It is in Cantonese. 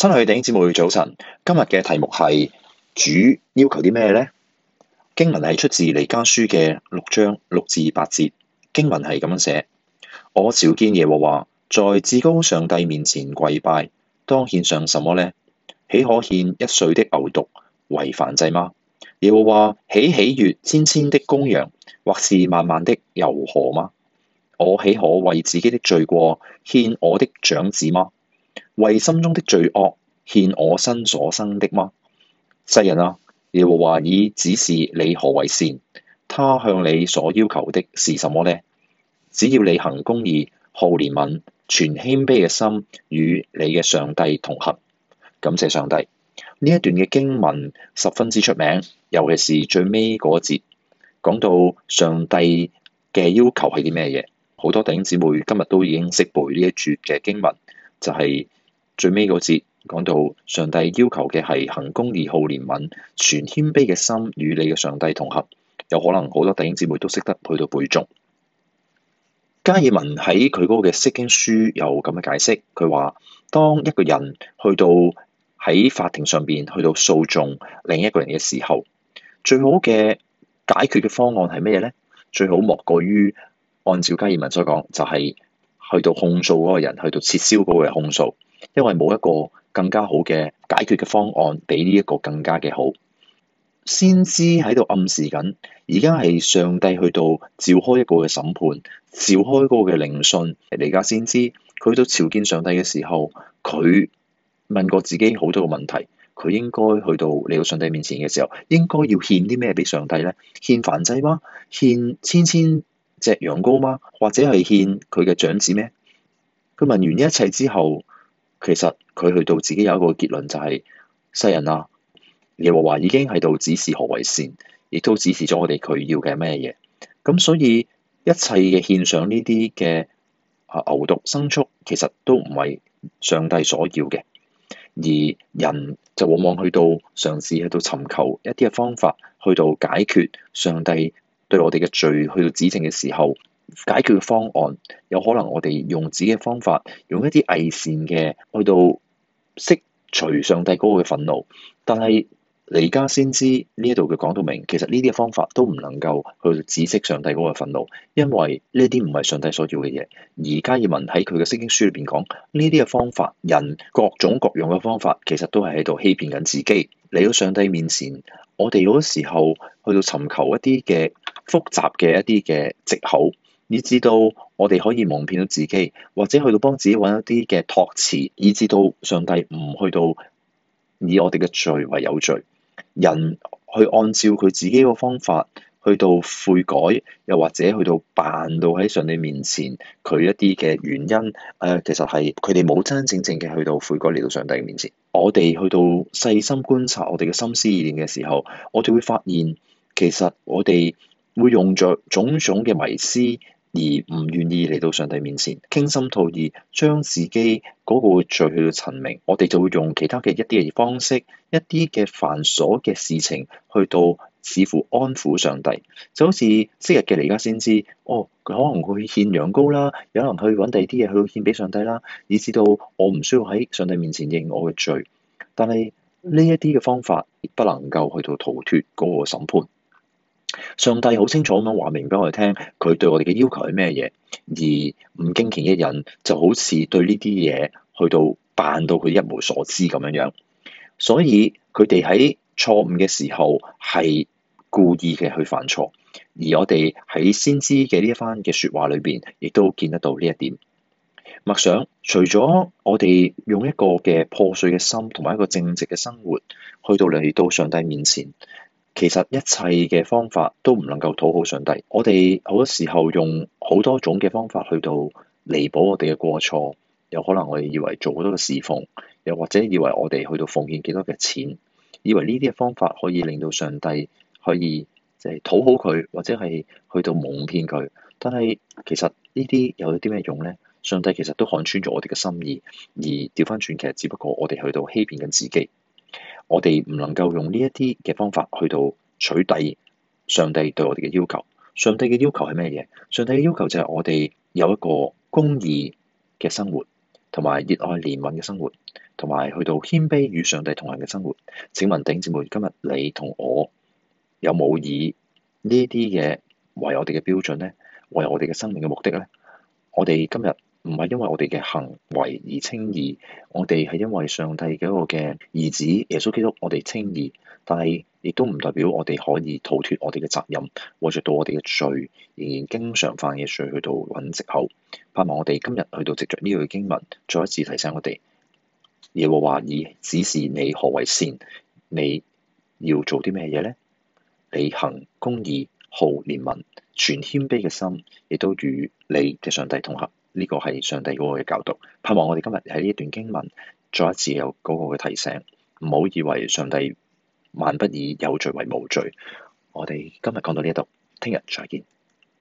親愛嘅弟兄姊妹，早晨，今日嘅題目係主要求啲咩呢？」經文係出自彌迦書嘅六章六至八節，經文係咁樣寫：我朝見耶和華，在至高上帝面前跪拜，當獻上什麼呢？豈可獻一歲的牛犢為燔祭嗎？耶和華豈喜悅千千的公羊，或是萬萬的油河嗎？我豈可為自己的罪過獻我的長子嗎？為心中的罪惡，獻我身所生的嗎？世人啊，耶和華已指示你何為善，他向你所要求的是什麼呢？只要你行公義、好憐憫、存謙卑嘅心與你嘅上帝同行。感謝上帝，呢一段嘅經文十分之出名，尤其是最尾嗰節，講到上帝嘅要求係啲咩嘢。好多弟兄姊妹今日都已經識背呢一節嘅經文。就係最尾嗰節講到上帝要求嘅係行公義、好憐憫、全謙卑嘅心與你嘅上帝同合。有可能好多弟兄姊妹都識得去到背誦。加爾文喺佢嗰個嘅釋經書有咁嘅解釋，佢話當一個人去到喺法庭上邊去到訴訟另一個人嘅時候，最好嘅解決嘅方案係咩咧？最好莫過於按照加爾文所講，就係、是。去到控訴嗰個人，去到撤銷嗰個人控訴，因為冇一個更加好嘅解決嘅方案，比呢一個更加嘅好。先知喺度暗示緊，而家係上帝去到召開一個嘅審判，召開一個嘅聆訊。而家先知佢去到朝見上帝嘅時候，佢問過自己好多個問題。佢應該去到嚟到上帝面前嘅時候，應該要獻啲咩俾上帝呢？獻燔祭嗎？獻千千？隻羊羔嗎？或者係獻佢嘅長子咩？佢問完呢一切之後，其實佢去到自己有一個結論，就係、是、世人啊，耶和華已經喺度指示何為善，亦都指示咗我哋佢要嘅咩嘢。咁所以一切嘅獻上呢啲嘅啊牛犢牲畜，其實都唔係上帝所要嘅，而人就往往去到嘗試喺度尋求一啲嘅方法去到解決上帝。對我哋嘅罪去到指證嘅時候，解決嘅方案有可能我哋用自己嘅方法，用一啲偽善嘅去到釋除上帝嗰個嘅憤怒。但係你而家先知呢一度佢講到明，其實呢啲嘅方法都唔能夠去到指釋上帝嗰個憤怒，因為呢啲唔係上帝所要嘅嘢。而加爾文喺佢嘅聖經書裏邊講，呢啲嘅方法，人各種各樣嘅方法，其實都係喺度欺騙緊自己。嚟到上帝面前，我哋好多時候去到尋求一啲嘅。複雜嘅一啲嘅藉口，以至到我哋可以蒙騙到自己，或者去到幫自己搵一啲嘅托詞，以至到上帝唔去到以我哋嘅罪為有罪。人去按照佢自己個方法去到悔改，又或者去到扮到喺上帝面前，佢一啲嘅原因，誒、呃、其實係佢哋冇真真正正嘅去到悔改嚟到上帝嘅面前。我哋去到細心觀察我哋嘅心思意念嘅時候，我哋會發現其實我哋。會用着種種嘅迷思，而唔願意嚟到上帝面前傾心吐意，將自己嗰個罪去到陳明。我哋就會用其他嘅一啲嘅方式，一啲嘅繁瑣嘅事情，去到似乎安撫上帝。就好似昔日嘅彌迦先知，哦，佢可能，會獻可能會去獻羊羔啦，有人去揾第二啲嘢去獻俾上帝啦，以至到我唔需要喺上帝面前認我嘅罪。但係呢一啲嘅方法，亦不能夠去到逃脫嗰個審判。上帝好清楚咁樣話明俾我哋聽，佢對我哋嘅要求係咩嘢。而唔敬虔嘅人就好似對呢啲嘢去到扮到佢一無所知咁樣樣，所以佢哋喺錯誤嘅時候係故意嘅去犯錯，而我哋喺先知嘅呢一番嘅說話裏邊，亦都見得到呢一點。默想，除咗我哋用一個嘅破碎嘅心，同埋一個正直嘅生活，去到嚟到上帝面前。其實一切嘅方法都唔能夠討好上帝。我哋好多時候用好多種嘅方法去到彌補我哋嘅過錯，有可能我哋以為做好多嘅侍奉，又或者以為我哋去到奉獻幾多嘅錢，以為呢啲嘅方法可以令到上帝可以即係討好佢，或者係去到蒙騙佢。但係其實呢啲有啲咩用呢？上帝其實都看穿咗我哋嘅心意，而調返轉，其實只不過我哋去到欺騙緊自己。我哋唔能夠用呢一啲嘅方法去到取締上帝對我哋嘅要求。上帝嘅要求係咩嘢？上帝嘅要求就係我哋有一個公義嘅生活，同埋熱愛憐憫嘅生活，同埋去到謙卑與上帝同行嘅生活。請問頂姊妹，今日你同我有冇以呢啲嘅為我哋嘅標準呢？為我哋嘅生命嘅目的呢？我哋今日。唔係因為我哋嘅行為而稱義，我哋係因為上帝嘅一個嘅兒子耶穌基督，我哋稱義。但係亦都唔代表我哋可以逃脫我哋嘅責任，或者到我哋嘅罪仍然經常犯嘅罪去到揾藉口。盼望我哋今日去到藉着呢句經文再一次提醒我哋，耶和華已指示你何為善，你要做啲咩嘢呢？你行公義、好憐憫、全謙卑嘅心，亦都與你嘅上帝同行。」呢個係上帝嗰個嘅教導，盼望我哋今日喺呢段經文，再一次有嗰個嘅提醒，唔好以為上帝萬不以有罪為無罪。我哋今日講到呢度，聽日再見。